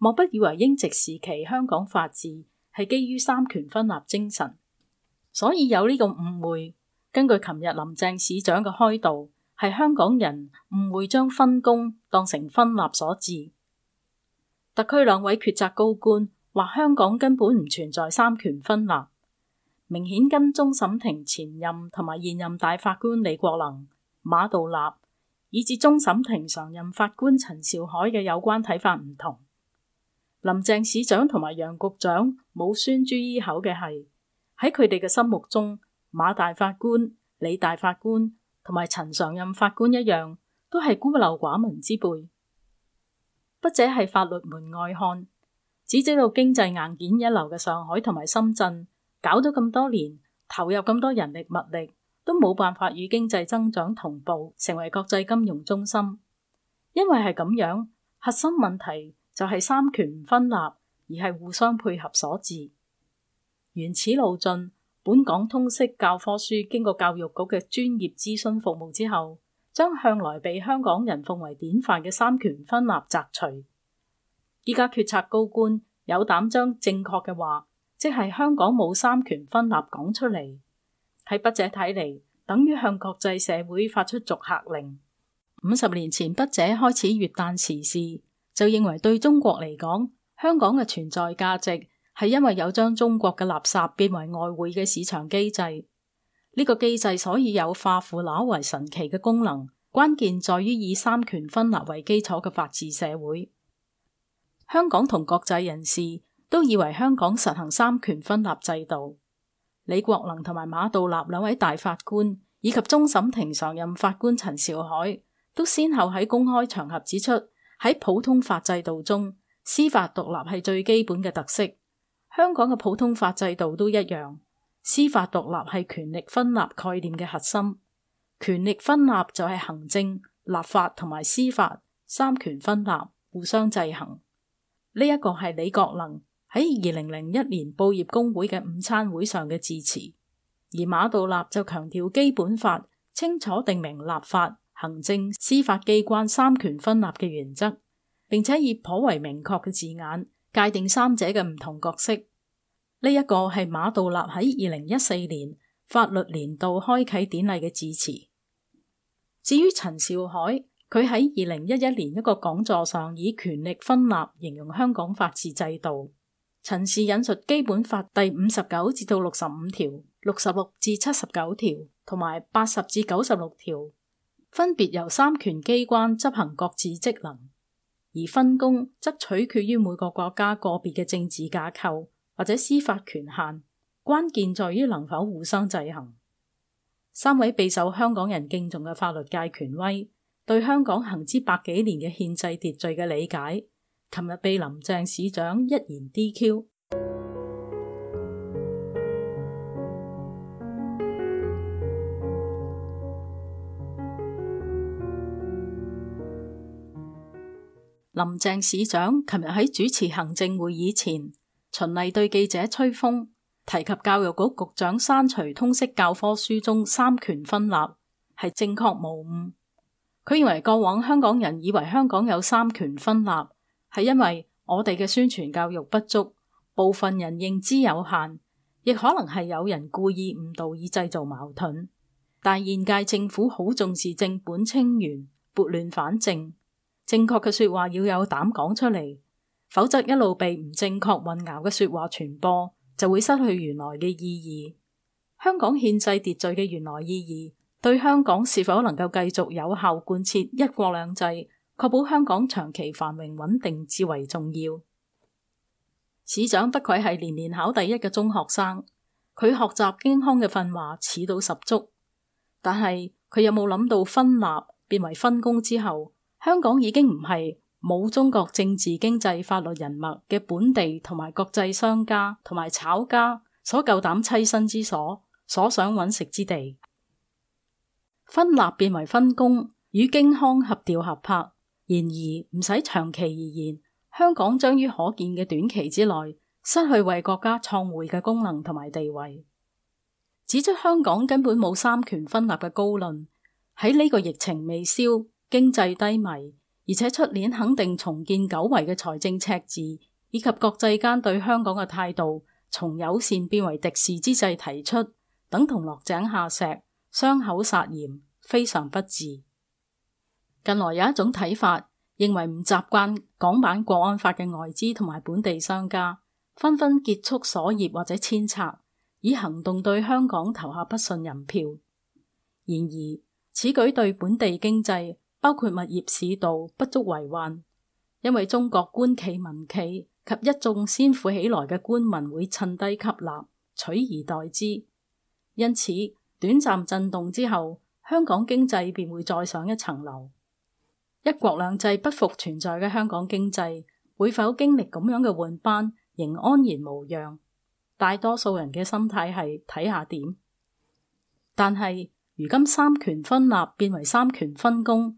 莫不以為英殖時期香港法治係基於三權分立精神，所以有呢個誤會。根據琴日林鄭市長嘅開導，係香港人誤會將分工當成分立所致。特區兩位抉擇高官話，香港根本唔存在三權分立，明顯跟終審庭前任同埋現任大法官李國能、馬道立，以至終審庭常任法官陳兆愷嘅有關睇法唔同。林鄭市長同埋楊局長冇宣諸於口嘅係喺佢哋嘅心目中，馬大法官、李大法官同埋陳常任法官一樣，都係孤陋寡聞之輩。筆者係法律門外漢，只知道經濟硬件一流嘅上海同埋深圳搞咗咁多年，投入咁多人力物力，都冇辦法與經濟增長同步，成為國際金融中心。因為係咁樣，核心問題。就係三權分立，而係互相配合所致。原始路進，本港通識教科書經過教育局嘅專業諮詢服務之後，將向來被香港人奉為典範嘅三權分立摘除。依家決策高官有膽將正確嘅話，即係香港冇三權分立講出嚟，喺筆者睇嚟，等於向國際社會發出逐客令。五十年前，筆者開始月旦時事。就認為對中國嚟講，香港嘅存在價值係因為有將中國嘅垃圾變為外匯嘅市場機制。呢、這個機制所以有化腐朽為神奇嘅功能，關鍵在於以三權分立為基礎嘅法治社會。香港同國際人士都以為香港實行三權分立制度。李國能同埋馬道立兩位大法官以及終審庭常任法官陳兆愷都先後喺公開場合指出。喺普通法制度中，司法獨立係最基本嘅特色。香港嘅普通法制度都一樣，司法獨立係權力分立概念嘅核心。權力分立就係行政、立法同埋司法三權分立，互相制衡。呢一個係李國能喺二零零一年報業工會嘅午餐會上嘅致辭，而馬道立就強調基本法清楚定明立法。行政、司法機關三權分立嘅原則，並且以頗為明確嘅字眼界定三者嘅唔同角色。呢一個係馬道立喺二零一四年法律年度開啓典禮嘅致辭。至於陳兆愷，佢喺二零一一年一個講座上，以權力分立形容香港法治制度。陳氏引述《基本法》第五十九至到六十五條、六十六至七十九條同埋八十至九十六條。分別由三權機關執行各自職能，而分工則取決於每個國家個別嘅政治架構或者司法權限。關鍵在於能否互相制衡。三位備受香港人敬重嘅法律界權威，對香港行之百幾年嘅憲制秩序嘅理解，琴日被林鄭市長一言 DQ。林鄭市長琴日喺主持行政會議前，循例對記者吹風，提及教育局局長刪除通識教科書中三權分立係正確無誤。佢認為過往香港人以為香港有三權分立係因為我哋嘅宣傳教育不足，部分人認知有限，亦可能係有人故意誤導以製造矛盾。但現屆政府好重視正本清源，撥亂反正。正確嘅說話要有膽講出嚟，否則一路被唔正確混淆嘅說話傳播，就會失去原來嘅意義。香港憲制秩序嘅原來意義，對香港是否能夠繼續有效貫徹一國兩制，確保香港長期繁榮穩定至為重要。市長不愧係年年考第一嘅中學生，佢學習京腔嘅訓話，似到十足。但係佢有冇諗到分立變為分工之後？香港已經唔係冇中國政治、經濟、法律人脈嘅本地同埋國際商家同埋炒家所夠膽棲身之所，所想揾食之地。分立變為分工，與京腔合調合拍。然而唔使長期而言，香港將於可見嘅短期之內失去為國家創匯嘅功能同埋地位。指出香港根本冇三權分立嘅高論，喺呢個疫情未消。經濟低迷，而且出年肯定重建久違嘅財政赤字，以及國際間對香港嘅態度從友善變為敵視之際，提出等同落井下石、傷口撒鹽，非常不智。近來有一種睇法，認為唔習慣港版國安法嘅外資同埋本地商家紛紛結束所業或者遷冊，以行動對香港投下不信任票。然而此舉對本地經濟，包括物業市道不足為患，因為中國官企、民企及一眾先富起來嘅官民會趁低吸納取而代之，因此短暫震動之後，香港經濟便會再上一層樓。一國兩制不復存在嘅香港經濟會否經歷咁樣嘅換班，仍安然無恙？大多數人嘅心態係睇下點，但係如今三權分立變為三權分工。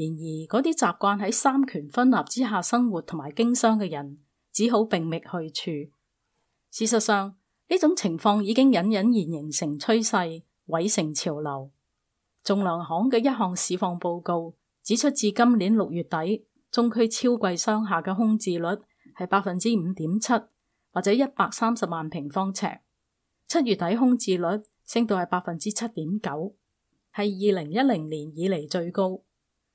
然而，嗰啲習慣喺三權分立之下生活同埋經商嘅人，只好並覓去處。事實上，呢種情況已經隱隱然形成趨勢，毀成潮流。仲量行嘅一項市況報告指出，至今年六月底，中區超貴商廈嘅空置率係百分之五點七，或者一百三十萬平方尺。七月底空置率升到係百分之七點九，係二零一零年以嚟最高。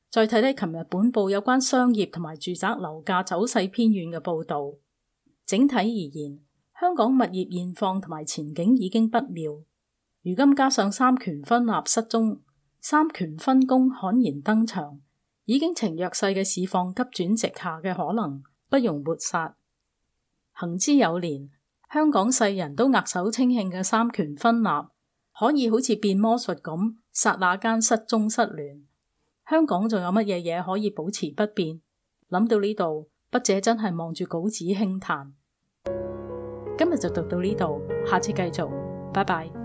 再睇睇琴日本報有關商業同埋住宅樓價走勢偏軟嘅報道。整體而言，香港物業現況同埋前景已經不妙。如今加上三權分立失蹤，三權分工罕然登場，已經呈弱勢嘅市況急轉直下嘅可能不容抹殺。行之有年，香港世人都額手稱慶嘅三權分立，可以好似變魔術咁，剎那間失蹤失聯。香港仲有乜嘢嘢可以保持不變？諗到呢度，筆者真係望住稿紙輕嘆。今日就讀到呢度，下次繼續，拜拜。